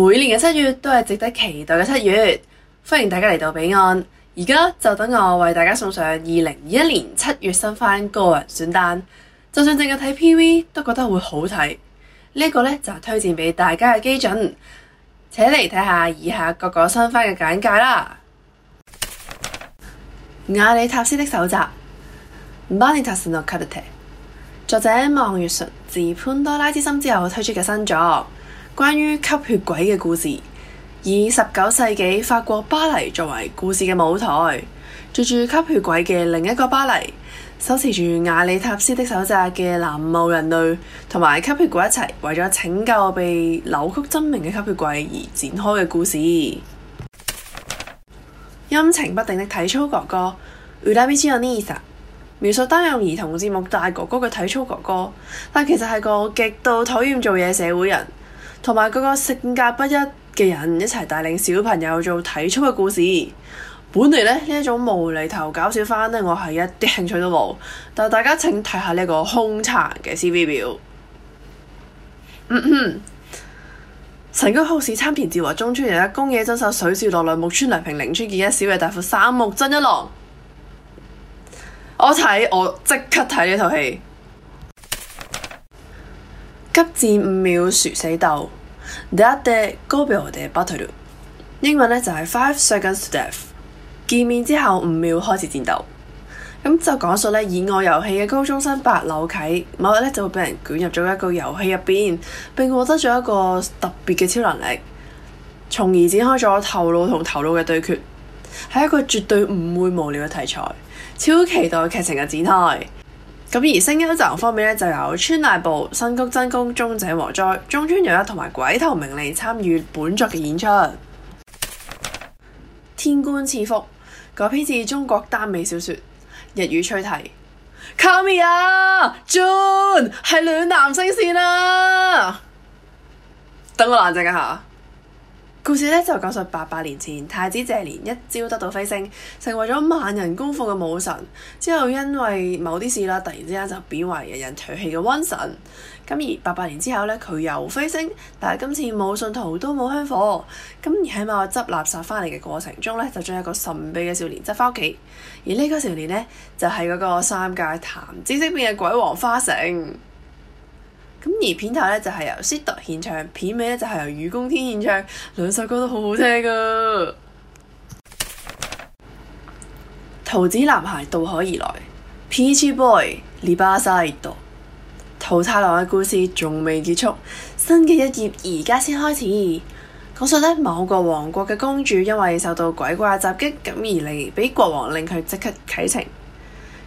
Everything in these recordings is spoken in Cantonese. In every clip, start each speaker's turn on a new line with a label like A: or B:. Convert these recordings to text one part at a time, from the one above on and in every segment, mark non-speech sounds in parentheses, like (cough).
A: 每年嘅七月都係值得期待嘅七月，歡迎大家嚟到彼岸。而家就等我為大家送上二零二一年七月新番個人選單，就算淨係睇 P V 都覺得會好睇。呢、這個呢，就是、推薦俾大家嘅基準。且嚟睇下以下各個新番嘅簡介啦。瓦尼塔斯的手札 （Vanitas no Carte） 作者望月淳自《潘多拉之心》之後推出嘅新作。關於吸血鬼嘅故事，以十九世紀法國巴黎作為故事嘅舞台，住住吸血鬼嘅另一個巴黎，手持住瓦尼塔斯的手札嘅藍眸人類同埋吸血鬼一齊為咗拯救被扭曲真名嘅吸血鬼而展開嘅故事。陰 (noise) 晴不定的體操哥哥，Ula Bicarnisa，描述擔任兒童節目大哥哥嘅體操哥哥，但其實係個極度討厭做嘢社會人。同埋嗰個性格不一嘅人一齊帶領小朋友做體操嘅故事，本嚟呢，呢一種無厘頭搞笑番呢，我係一啲興趣都冇。但係大家請睇下呢個兇殘嘅 C V 表，嗯嗯，神 (coughs) 谷浩市參田智和、中村一、公野真秀水樹落奈、木村良平、鈴村健一、小野大輔、三木真一郎，我睇我即刻睇呢套戲。急戰五秒殊死鬥，第一隊高俾我哋嘅 Battle，英文呢就係 five seconds to death。見面之後五秒開始戰鬥，咁就講述呢以外遊戲嘅高中生白柳啟，某日呢就會俾人捲入咗一個遊戲入邊，並獲得咗一個特別嘅超能力，從而展開咗頭腦同頭腦嘅對決，係一個絕對唔會無聊嘅題材，超期待劇情嘅展開。咁而聲優陣容方面咧，就有川瀨步、新谷真弓、中井和哉、中村悠一同埋鬼頭明里參與本作嘅演出。天官賜福，改編自中國耽美小說，日語吹題。Come here，June，係暖男聲線啊！」等我冷靜一下。故事咧就講述八百年前太子謝憐一朝得到飛升，成為咗萬人供奉嘅武神，之後因為某啲事啦，突然之間就貶為人人唾棄嘅瘟神。咁而八百年之後咧，佢又飛升，但係今次冇信徒，都冇香火。咁而喺某日執垃圾翻嚟嘅過程中咧，就將一個神秘嘅少年執翻屋企。而呢個少年呢，就係嗰個三界談之色變嘅鬼王花城。咁而片頭呢，就係、是、由 Sita 獻唱，片尾呢，就係、是、由雨公天獻唱，兩首歌都好好聽噶、啊。桃子男孩渡海而來，Peach Boy Riverside。桃太郎嘅故事仲未結束，新嘅一頁而家先開始。講述呢，某個王國嘅公主因為受到鬼怪襲擊，咁而嚟俾國王令佢即刻啟程。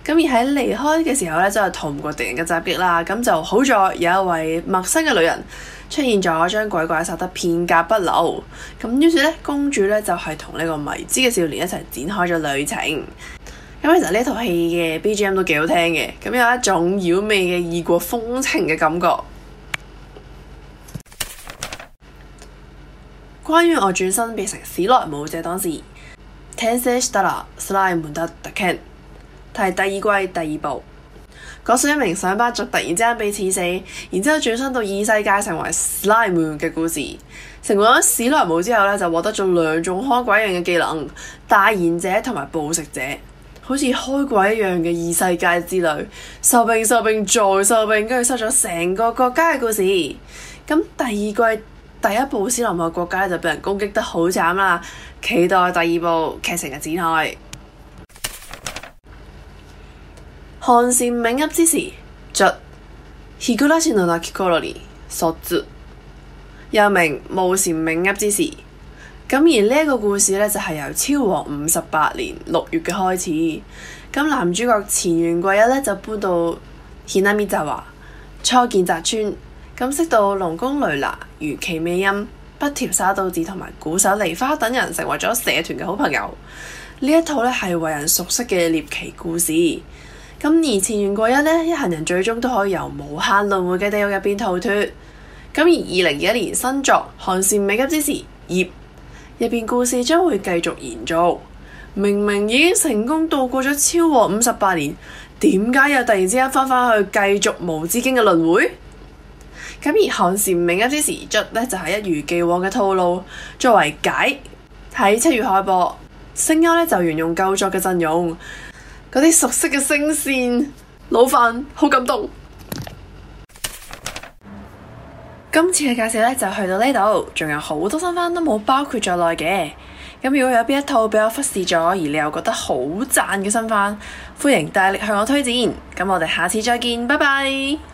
A: 咁而喺離開嘅時候呢，真係逃唔過敵人嘅襲擊啦。咁就好在有一位陌生嘅女人出現咗，將鬼怪殺得片甲不留。咁於是呢，公主呢就係同呢個迷之嘅少年一齊展開咗旅程。咁其實呢套戲嘅 BGM 都幾好聽嘅，咁有一種妖媚嘅異國風情嘅感覺。關於我轉身變成史萊姆這檔事，天生是得了 slime n 德特肯。 (noise) 係第二季第二部，講述一名上班族突然之間被刺死，然之後轉身到異世界成為史萊姆嘅故事。成為咗史萊姆之後咧，就獲得咗兩種開鬼一樣嘅技能：大賢者同埋捕食者。好似開鬼一樣嘅異世界之旅，受病受病再受病，跟住收咗成個國家嘅故事。咁第二季第一部史萊姆嘅國家就俾人攻擊得好慘啦，期待第二部劇情嘅展開。寒蟬鳴泣之時，卒。又名暮蟬鳴泣之時。咁而呢一個故事呢，就係、是、由昭和五十八年六月嘅開始。咁男主角前原圭一呢，就搬到顯阿咪就話雛見澤村，咁識到龍宮雷娜、園崎魅音、北條沙都子同埋古手梨花等人，成為咗社團嘅好朋友。呢一套呢，係為人熟悉嘅獵奇故事。咁而前元過一呢一行人最終都可以由無限輪回嘅地獄入邊逃脫。咁而二零二一年新作《寒蟬鳴泣之時》業入邊故事將會繼續延續。明明已經成功度過咗超過五十八年，點解又突然之間返返去繼續無止境嘅輪回？咁而《寒蟬鳴泣之時》卒呢就係、是、一如既往嘅套路。作為解喺七月開播，聲優，呢就沿用舊作嘅陣容。嗰啲熟悉嘅聲線，老粉好感動。今次嘅介紹呢，就去到呢度，仲有好多新番都冇包括在內嘅。咁如果有邊一套俾我忽視咗，而你又覺得好讚嘅新番，歡迎大力向我推薦。咁我哋下次再見，拜拜。